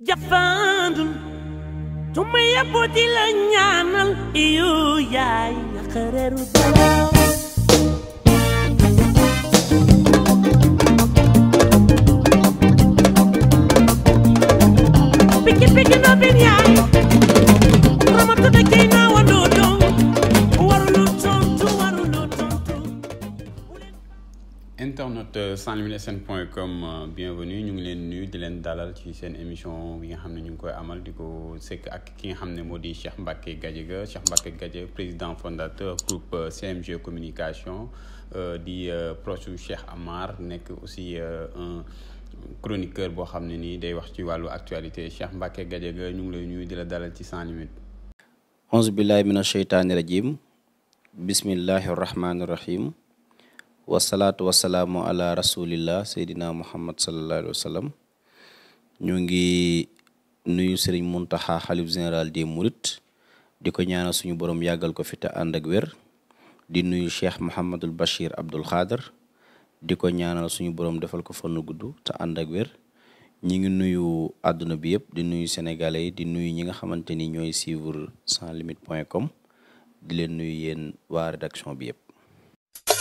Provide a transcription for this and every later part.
jafandul su ma yeboo di la ñaanal iyo yaay xereeru dalaw piki piki yaay ramatu da internet sans limite sn point com euh, bienvenue ñu ngi leen nuyu di leen dalal ci seen émission bi nga xam ne ñu ngi koy amal di ko sekk ak ki nga xam ne moo di Cheikh Mbacké Gadiaga Cheikh Mbacké Gadiaga président fondateur groupe euh, CMG communication euh, di proche Cheikh Amar nekk aussi un chroniqueur boo xam ne nii day wax ci wàllu actualité Cheikh Mbacké ga ñu ngi lay nuyu di la dalal ci sans limite auzu billahi mina sheytaani rajim bismillahi rahmaani rahim wasalaatu wasalaamu ala rasulillah seydina muhammad sallallahu alayhi wa sallam ñu ngi nuyu sëriñ Muntaxa xalif général des Mourides di ko ñaanal suñu borom yàggal ko fi te ànd ak wér di nuyu cheikh Mouhamadul Bachir Abdoul Khader di ko ñaana suñu borom defal ko fannu gudd te ànd ak wér ñi ngi nuyu àdduna bi yëpp di nuyu sénégalais yi di nuyu ñi nga xamante ni ñooy suivre sans limite point com di leen nuyu yéen waa rédaction bi yëpp.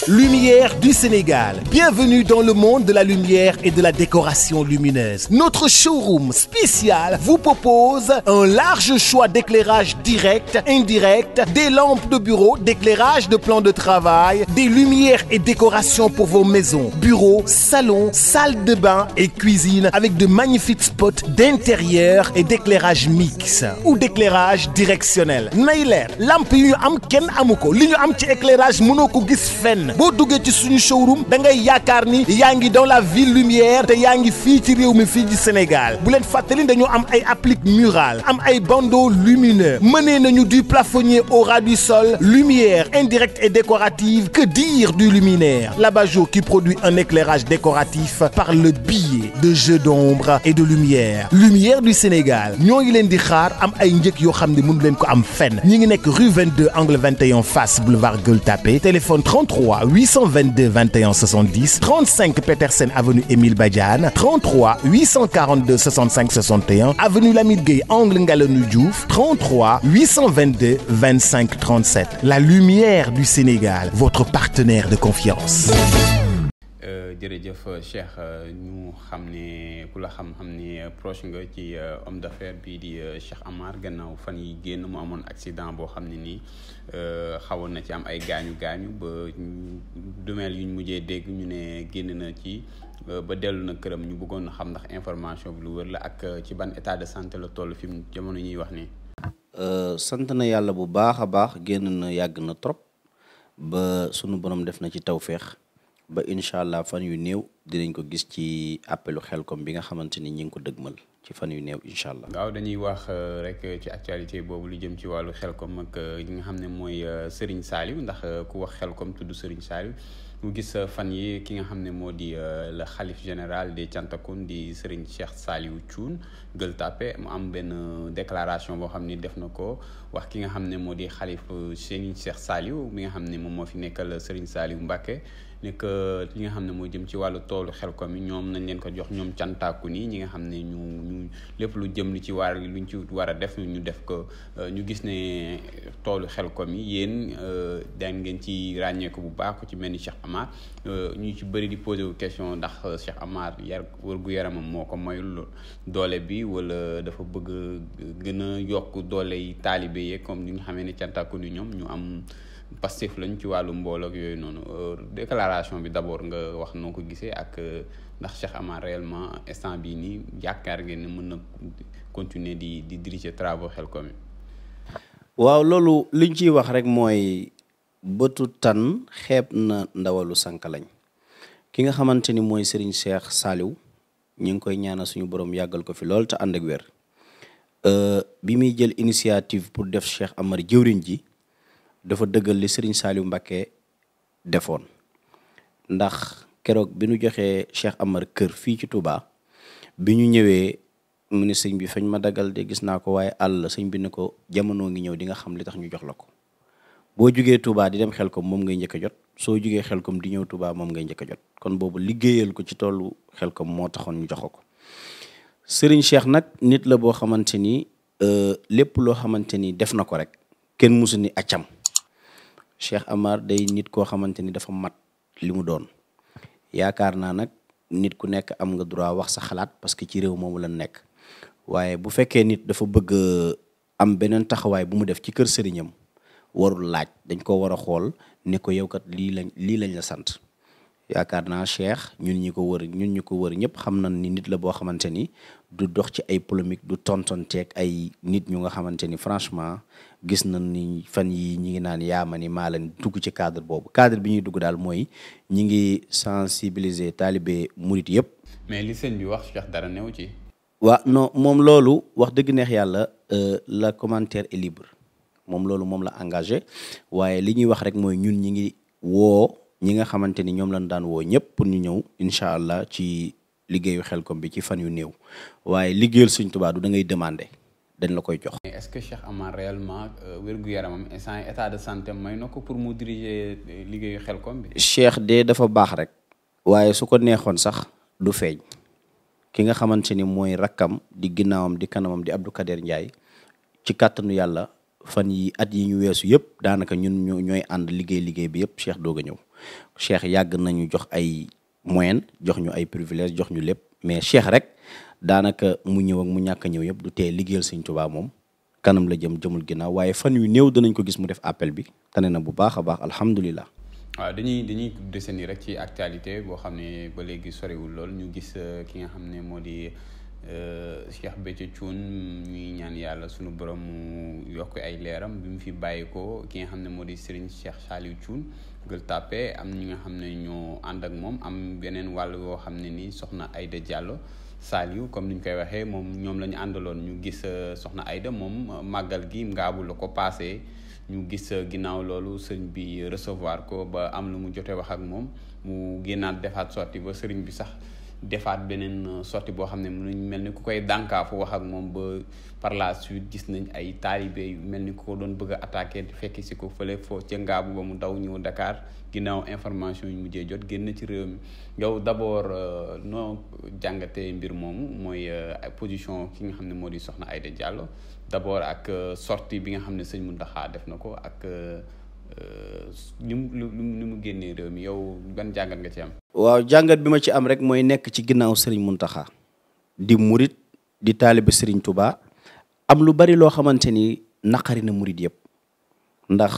Lumière du Sénégal. Bienvenue dans le monde de la lumière et de la décoration lumineuse. Notre showroom spécial vous propose un large choix d'éclairage direct, indirect, des lampes de bureau, d'éclairage de plan de travail, des lumières et décorations pour vos maisons, bureaux, salons, salles de bain et cuisine avec de magnifiques spots d'intérieur et d'éclairage mixte ou d'éclairage directionnel. nay leer lamp yi ñu am kenn amu ko li ñu am ci éclairage mënoo ko gis boo duggee ci suñu showroom da ngay yaakaar ni yaa ngi dans la ville lumière te yaa ngi fii ci réew mi fii ci Sénégal bu leen fàttali dañoo am ay applique murale am ay bandeaux lumineux na ñu du plafonnier au ras du sol lumière indirecte et décorative que dire du luminaire l'abat-jour qui produit un éclairage décoratif par le biais de jeux d'ombre et de lumière lumière du Sénégal ñoo ngi leen di xaar am ay njëkk yoo xam ne mënu leen ko am fenn ñi ngi nekk rue 22 angle 21 face boulevard Gueule Tapée téléphone 33 33 822 21 70 35 Petersen avenue Émile Badiane 33 842 65 61 avenue Lamine Gueye angle Ngalonou Diouf 33 822 25 37 la lumière du Sénégal votre partenaire de confiance Euh, jërëjëf euh, Cheikh euh, ñu xam ne ku la xam-xam ne proche nga ci homme d'affaires bii di Cheikh Amar gannaaw fan yi génn mu amoon accident boo xam ne nii xawoon na ci am ay gaañu gaañu ba dumeel yuñ mujjee dégg ñu ne génn na ci ba dellu na këram ñu bëggoon xam ndax information bi lu wër la ak ci ban état de santé la toll fi mu jamono ñuy wax nii. sant na yàlla bu baax a baax génn na yàgg na trop ba sunu borom def na ci tawféex. ba incha allah fan yu néew dinañ ko gis ci appelu xel koom bi nga xamante ni ñi ngi ko dëgmal ci fan yu néew incha allah. waaw dañuy wax euh, rek ci actualité boobu lu jëm ci wàllu xel koom ak ñi euh, nga xam ne mooy euh, Serigne Saliou ndax ku wax Xelcom tudd Serigne Saliou mu gis fan yi ki nga xam ne moo di le xalif général des Thiantakoun di Serigne Cheikh Saliou cuun Gueule Tapée mu am benn déclaration boo xam ni def na ko wax ki nga xam ne moo di xalif Serigne Cheikh Saliou mi nga xam ne moom moo fi nekkal Serigne Saliou Mbacké. ne que li nga xam ne moo jëm ci wàllu toolu Xelcom yi ñoom nañ leen ko jox ñoom cantaaku nii ñi nga xam ne ñu ñu lépp lu jëm li ci war ñu ci war a def ñu def ko euh, ñu gis ne toolu xel ko yi yéen euh, daan ngeen ci ràññeeku bu baax ku ci mel ni Cheikh Amar euh, ñu ci bëri di posé wu question ndax Cheikh Amar yar wërgu-yaramam moo ko mayul doole bi wala dafa bëgg gën a yokk doole yi taalibe yeeg comme ni nga xamee ne cantaaku ni ñoom ñu am Pastef lañ ci wàllu mbooloo yooyu noonu euh, déclaration bi d'abord nga wax noo ko gisee ak euh, ndax Cheikh Amar réellement instant bii nii jàkkaar ngeen ne mën na continuer di di diriger travaux ko yi. waaw loolu liñ ci wax rek mooy bëtu tan xeeb na ndawalu sànq lañ ki nga xamante ni mooy Serigne Cheikh Saliou ñu ngi koy ñaanal suñu borom yàggal ko fi loolu te ànd ak wér euh, bi muy jël initiative pour def Cheikh Amar jëwriñ ji. dafa dëggal li Serigne Saliou Mbacké defoon ndax keroog bi nu joxee Cheikh Amar kër fii ci Touba bi ñu ñëwee mu ne sëñ bi fañ ma dagal de gis naa ko waaye àll sëñ bi ne ko jamono ngi ñëw di nga xam li tax ñu jox la ko boo jugee Touba di dem xel ko moom ngay njëkk a jot soo jugee Xelkom di ñëw Touba moom ngay njëkk jot kon boobu liggéeyal ko ci tollu kom moo taxoon ñu jox ko Serigne Cheikh nag nit la boo xamante ni euh, lépp loo xamante ni def na ko rek kenn musu ni accam Cheikh Amar day nit koo xamante ni dafa mat li mu doon yaakaar naa nag nit ku nekk am nga droit wax sa xalaat parce que ci réew moomu la nekk waaye bu fekkee nit dafa bëgg am beneen taxawaay bu mu def ci kër sëriñam warul laaj dañ ko war a xool ne ko yow kat lii lañ lii lañ la sant yaakaar naa Cheikh ñun ñi ko wër ñun ñi ko wër ñëpp xam na ni nit la boo xamante ni du dox ci ay polémique du tontonteeg ay nit ñu nga xamante ni franchement gis nañ ni fan yi ñi ngi naan yaama ni maa leen dugg ci cadre boobu cadre bi ñuy dugg daal mooy ñi ngi sensibiliser taalibe murit yëpp. mais li sëñ bi wax Cheikh dara new ci. waa non moom loolu wax dëgg neex yàlla euh, la commentaire est libre moom loolu moom la engagé waaye li ñuy wax rek mooy ñun ñi ngi woo. ñi nga xamante ni ñoom lañ daan woo ñëpp ñu ñëw incha allah ci liggéeyu xel ko bi ci fan yu néew waaye liggéeyal Sëñ Tuubaa du da ngay demander dañ la koy jox. mais est-ce Cheikh Amar réellement euh, wér-gu-yaramam état de santé may na ko pour mu diriger liggéeyu Xelcom bi. Cheikh de dafa baax rek. waaye su ko neexoon sax du feeñ ki nga xamante ni mooy rakkam di ginnaawam di kanamam di Abdou Kader Ndiaye ci kàttanu yàlla fan yi at yi ñu weesu yëpp daanaka ñun ñooy ànd liggéey liggéey bi yëpp Cheikh doog a ñëw. Cheikh yàgg nañu jox ay moyen jox ñu ay privilège jox ñu lépp mais Cheikh rek daanaka mu ñëw mu ñàkk ñëw yëpp du tee liggéeyal Sëñ Tuubaa moom kanam la jëm jëmul ginnaaw waaye fan yu néew danañ ko gis mu def appel bi tane na bu baax a baax alhamdulilah. waaw dañuy dañuy dese rek ci actualité boo xam ne ba léegi sorewul lool ñu gis euh, ki nga xam ne moo di euh, Cheikh Béthio Thioune ñuy ñaan yàlla sunu borom mu yokk ay leeram bi mu fi bàyyi ko ki nga xam ne moo di Serigne Cheikh Saliou Thioune Gueule Tapée am ñi nga xam ne ñoo ànd ak moom am beneen wàll woo xam ne nii soxna Aïda Diallo Saliou comme ni ñu koy waxee moom ñoom la ñu àndaloon ñu gis euh, soxna Aïda moom euh, màggal gi ngaabu la ko passé ñu gis euh, ginnaaw loolu sëriñ bi recevoir ko ba am lu mu jote wax ak moom mu génnaat defaat sorti ba sëriñ bi sax defaat beneen euh, sorti boo xam ne lu mel ni ku koy dànkaafu wax ak moom ba par la suite gis nañ ay taalibe yu mel ni ku ko doon bëgg attaque attaqué fekk si ko fële foo ca ngaabu ba mu daw ñëw dakaar ginnaaw information yu mujjee jot génn ci réew mi yow d'abord euh, noo jàngatee mbir moomu mooy euh, position ki nga xam ne moo di soxna ay Aïda Diallo d'abord ak sorti bi nga xam ne sëñ ndax def na ko ak li mu génnee réew mi yow ban jàngat nga ci am. waaw jàngat bi ma ci am rek mooy nekk ci ginnaaw Serigne Mountakha di murit di taalibe Serigne tubaa am lu bari loo xamante ni naqari na murit yëpp ndax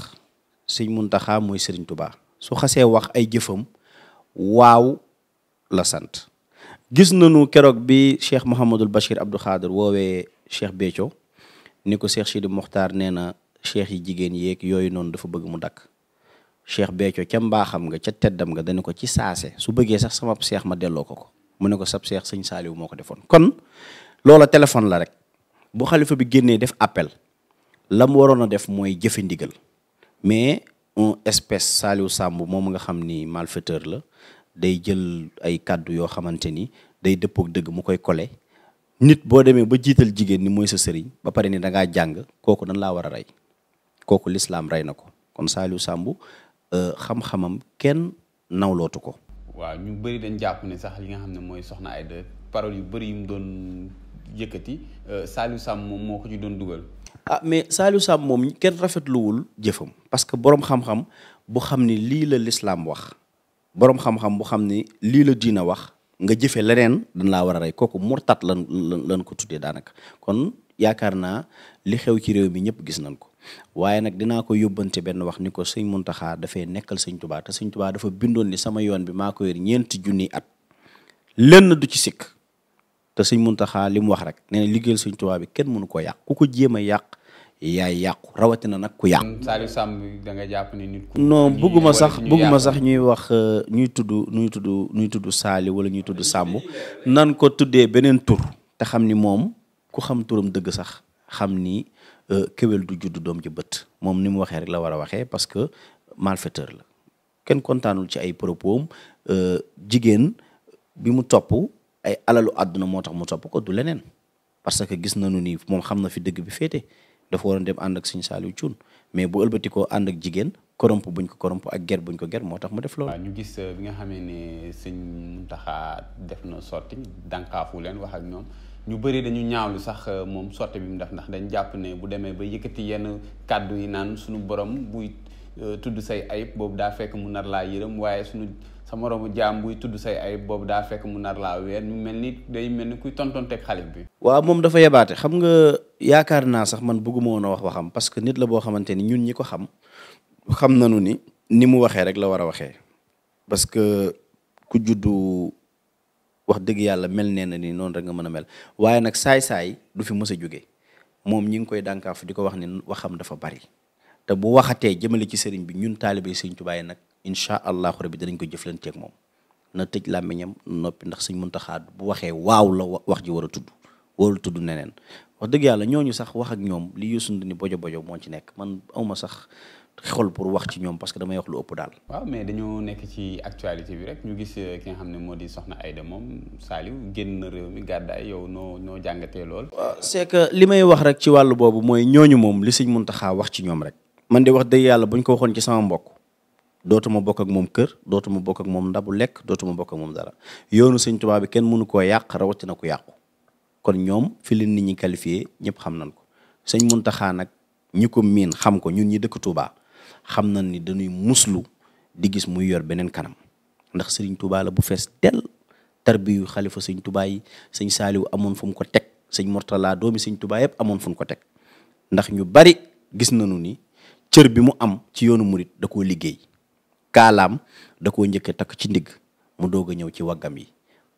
Serigne Mountakha mooy Serigne Touba su xasee wax ay jëfam waaw la sant. gis nañu keroog bi Cheikh Mouhamadul Bachir Abdou Khader woowee Cheikh Béthio ni ko Cheikh Sidi Mokhtar nee na. cheikh yi jigéen yeeg yooyu noonu dafa bëgg mu dakk cheikh Béthio ca mbaaxam nga ca teddam nga dañu ko ci saase su bëggee sax sama seex ma delloo ko ko mu ne ko sab seex sañ Saaliw moo defoon kon loola téléphone la rek bu xalifa bi génnee def appel la mu waroon a def mooy jëfe mais un espèce Saaliw Sàmb moom nga xam ni malfaiteur la day jël ay kàddu yoo xamante ni day dëppook dëgg mu koy kole nit boo demee ba jiital jigéen ni mooy sa sëriñ ba pare ni da ngaa jàng kooku dañ laa war a rey kooku lislaam rey na ko kon Saliou sàmbu euh, xam-xamam kenn nawlootu ko. waaw ñu bëri dañ jàpp ne sax li nga xam ne mooy soxna ay Aida parole yu bëri yu mu doon yëkkati euh, Saliou Samb moom moo ko ci doon dugal. ah mais Saliou Samb moom kenn rafetluwul jëfam parce que boroom xam-xam bu xam ni lii la lislaam wax boroom xam-xam bu xam ni lii la diina wax nga jëfe leneen dan laa war a rey kooku murtat lan lan lan ko tuddee daanaka kon. yaakaar naa li xew ci réew bi ñëpp gis nañ ko waaye nag dinaa ko yóbbante benn wax ni ko sëñ mun Muntaxa dafay nekkal sëñ Tubaa te sëñ Tubaa dafa bindoon ni sama yoon bi maa ko yor ñeenti junni at lenn du ci sikk te sëñ Muntaxa li mu wax rek nee na liggéeyal sëñ Tubaa bi kenn mënu ko yàq ku ko jéem a yàq yaay yàqu rawatina nag ku yàq Saliou Samb da nga jàpp ni nit bëgguma sax bëgguma sax ñuy wax euh, ñuy tudd ñuy tudd ñuy tudd Saliou wala ñuy tudd Samb nan ko tuddee beneen tur te xam ni moom. ku xam turam dëgg sax xam ni euh, kéwél du juddu doom ji bët moom ni mu waxee rek la war a waxee parce que malfaiteur la kenn kontaanul ci ay propos euh, jigéen bi mu topp ay alalu àdduna moo tax mu topp ko du leneen parce que gis nañu nii moom xam na fi dëgg bi féete dafa waroon dem ànd ak Sëñ Saaliw Cuun mais bu ëlbatikoo ànd ak jigéen koromp buñ ko koromp ak ger buñ ko ger moo tax mu def loolu. ñu gis euh, bi nga xamee ne sëñ Muntaxa def na sorti dànkaafu leen wax ak ñoom. ñu bëri dañu ñaawlu sax euh, moom sorte bi mu def ndax dañ jàpp ne bu demee ba yëkkati yenn kàddu yi naan suñu borom buy euh, tudd say ayib boobu daa fekk mu nar laa yërëm waaye suñu sa moroomu jaam buy tudd say ayib boobu daa fekk mu nar laa weer ñu mel ni day mel ni kuy tontonteeg xalif bi waaw moom dafa yebaate xam nga yaakaar naa sax man bëgguma woon a wax waxam parce que nit la boo xamante ni ñun ñi ko xam xam nanu ni ni mu waxee rek la war a waxee parce que ku juddu wax dëgg yàlla mel nee na ni noonu rek nga mën a mel waaye nag saay-saay du fi mës a jóge moom ñi ngi koy dànkaaf di ko wax ni waxam dafa bari te bu waxatee jëmale ci sëriñ bi ñun taalibe sëriñ Tuubaa yi nag incha allahu rabbi danañ ko jëflanteeg moom na tëj làmmiñam noppi ndax sëriñ Muntaxaa bu waxee waaw la wax ji war a tudd warul tudd neneen wax dëgg yàlla ñooñu sax wax ak ñoom li Youssou Ndour ni bojo bojo moo ci nekk man awma sax xol pour wax ci ñoom parce que damay wax lu ëpp daal. waaw mais dañoo nekk ci actualité bi rek ñu gis euh, ki nga xam ne moo di soxna Aida moom Saliou génn na réew mi gàddaay yow noo noo jàngatee lool. c'est li may wax rek ci wàllu boobu mooy ñooñu moom li Sëñ Muntaxa wax ci ñoom rek. man de wax dëgg yàlla bu buñ ko waxoon ci sama mbokk dootuma bokk ak moom kër dootuma bokk ak moom ndabu lekk dootuma bokk moom dara yoonu Sëñ Tuubaa bi kenn mënu koo yàq rawatina ku yàqu kon ñoom fi leen nit ñi qualifié ñëpp xam nañ ko Sëñ Muntaxa nag ñi ko miin xam ko ñun ñi dëkk Tuubaa xam nañ ni dañuy muslu di gis muy yor beneen kanam ndax sëriñ Touba bu fees dell tarbiyu xalifa sëñ Touba yi sëñ Saaliw amoon fu mu ko teg sëñ Mortala doomi sëñ Touba yëpp amoon fu mu ko teg ndax ñu bari gis nañu ni cër bi mu am ci yoonu murit da koo liggéey kaalaam da koo njëkkee takk ci ndigg mu doog a ñëw ci waggam yi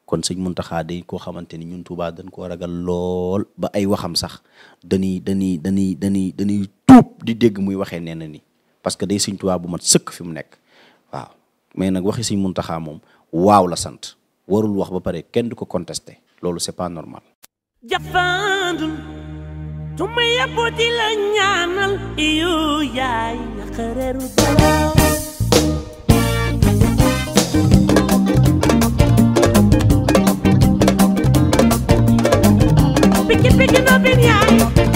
kon sëñ Muntaxa day koo xamante ni ñun Touba dañ koo ragal lool ba ay waxam sax dañuy dañuy dañuy dañuy dañuy tuub di dégg muy waxee nee na ni parce que day Sëñ Tuubaa bu mat sëkk fi mu nekk waaw mais nag waxi Sëñ Muntaxaa moom waaw la sant warul wax ba pare kenn du ko contesté loolu c'est pas normal jafandul tuma yebbu di la ñaanal iyo yaay xareeru dara picking, picking up in the eye.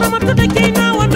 I'm up to the game now.